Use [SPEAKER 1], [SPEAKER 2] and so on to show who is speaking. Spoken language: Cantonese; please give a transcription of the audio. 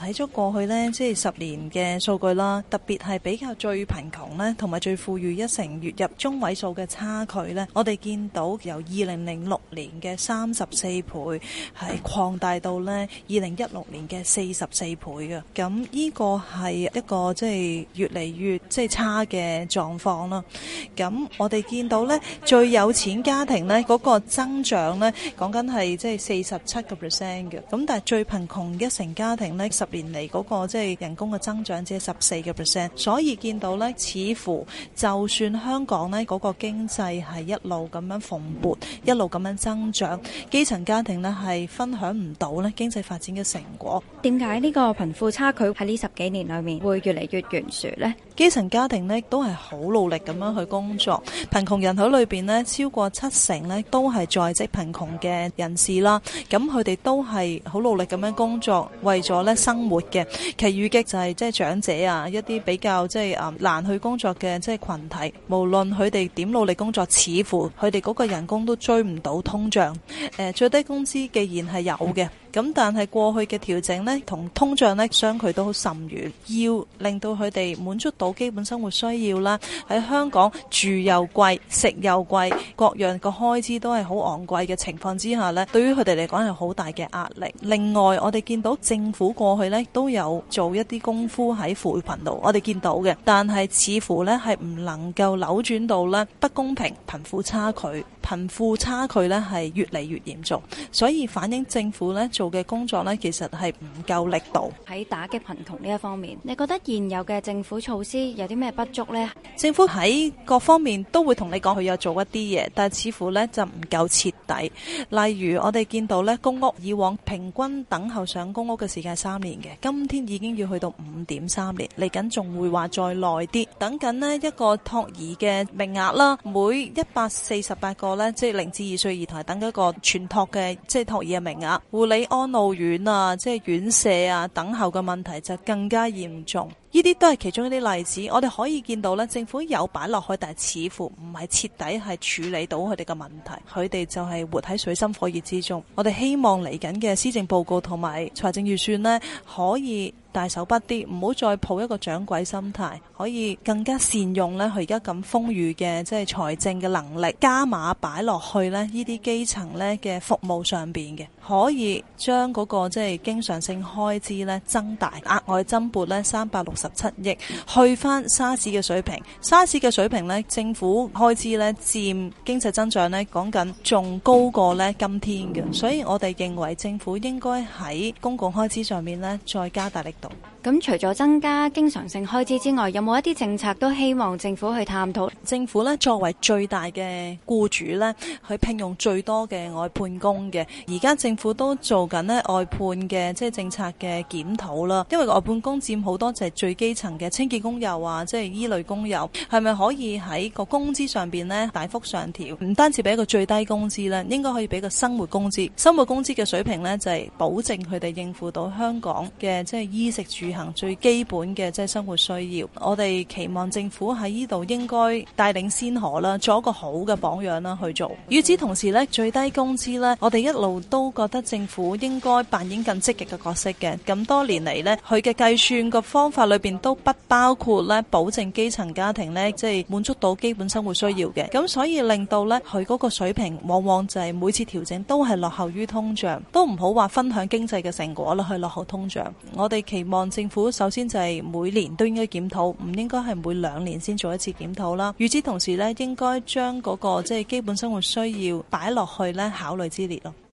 [SPEAKER 1] 睇咗過去呢，即係十年嘅數據啦，特別係比較最貧窮呢，同埋最富裕一成月入中位數嘅差距呢。我哋見到由二零零六年嘅三十四倍係擴大到呢，二零一六年嘅四十四倍嘅，咁呢個係一個即係越嚟越即係差嘅狀況啦。咁我哋見到呢，最有錢家庭呢，嗰個增長呢，講緊係即係四十七個 percent 嘅，咁但係最貧窮一成家庭呢。十。連嚟嗰個即係人工嘅增長只係十四個 percent，所以見到呢，似乎就算香港呢嗰個經濟係一路咁樣蓬勃，一路咁樣增長，基層家庭呢係分享唔到呢經濟發展嘅成果。點解呢個貧富差距喺呢十幾年裡面會越嚟越懸殊呢？基層家庭呢都係好努力咁樣去工作，貧窮人口裏邊呢超過七成呢都係在職貧窮嘅人士啦。咁佢哋都係好努力咁樣工作，為咗呢生活嘅，其餘嘅就係即係長者啊，一啲比較即係誒難去工作嘅即係群體，無論佢哋點努力工作，似乎佢哋嗰個人工都追唔到通脹誒、呃、最低工資既然係有嘅。咁但係過去嘅調整呢，同通脹呢，相距都好甚遠。要令到佢哋滿足到基本生活需要啦，喺香港住又貴，食又貴，各樣個開支都係好昂貴嘅情況之下呢，對於佢哋嚟講係好大嘅壓力。另外，我哋見到政府過去呢，都有做一啲功夫喺扶貧度，我哋見到嘅，但係似乎呢，係唔能夠扭轉到呢不公平、貧富差距、貧富差距呢，係越嚟越嚴重，所以反映政府呢。做嘅工作呢，其實，係唔夠力度喺打擊貧窮呢一方面，你覺得現有嘅政府措施有啲咩不足呢？政府喺各方面都會同你講，佢有做一啲嘢，但係似乎呢，就唔夠徹底。例如我哋見到呢，公屋以往平均等候上公屋嘅時間三年嘅，今天已經要去到五點三年，嚟緊仲會話再耐啲。等緊呢一個托兒嘅名額啦，每一百四十八個呢，即係零至二歲兒童等緊一個全托嘅即係托兒嘅名額，護理。安老院啊，即係院舍啊，等候嘅問題就更加嚴重。呢啲都係其中一啲例子，我哋可以見到咧，政府有擺落去，但似乎唔係徹底係處理到佢哋嘅問題，佢哋就係活喺水深火熱之中。我哋希望嚟緊嘅施政報告同埋財政預算呢可以大手筆啲，唔好再抱一個掌櫃心態，可以更加善用呢佢而家咁豐裕嘅即係財政嘅能力，加碼擺落去呢呢啲基層呢嘅服務上面嘅，可以將嗰、那個即係、就是、經常性開支呢增大，額外增撥呢三百六十七億，去返沙士嘅水平，沙士嘅水平呢，政府開支呢佔經濟增長呢講緊仲高過呢，今天嘅，所以我哋認為政府應該喺公共開支上面呢，再加大力度。咁除咗增加經常性開支之外，有冇一啲政策都希望政府去探討？政府呢，作為最大嘅僱主呢，去聘用最多嘅外判工嘅，而家政府都做緊呢外判嘅即係政策嘅檢討啦，因為外判工佔好多就係最。最基層嘅清潔工友啊，即係依類工友，係咪可以喺個工資上邊咧大幅上調？唔單止俾一個最低工資咧，應該可以俾個生活工資。生活工資嘅水平咧，就係保證佢哋應付到香港嘅即係衣食住行最基本嘅即係生活需要。我哋期望政府喺呢度應該帶領先河啦，做一個好嘅榜樣啦去做。與此同時咧，最低工資咧，我哋一路都覺得政府應該扮演更積極嘅角色嘅。咁多年嚟，咧，佢嘅計算個方法裏。邊都不包括咧，保證基層家庭咧，即係滿足到基本生活需要嘅，咁所以令到咧佢嗰個水平，往往就係每次調整都係落後於通脹，都唔好話分享經濟嘅成果落去落後通脹。我哋期望政府首先就係每年都應該檢討，唔應該係每兩年先做一次檢討啦。與此同時咧，應該將嗰個即係基本生活需要擺落去咧考慮之列咯。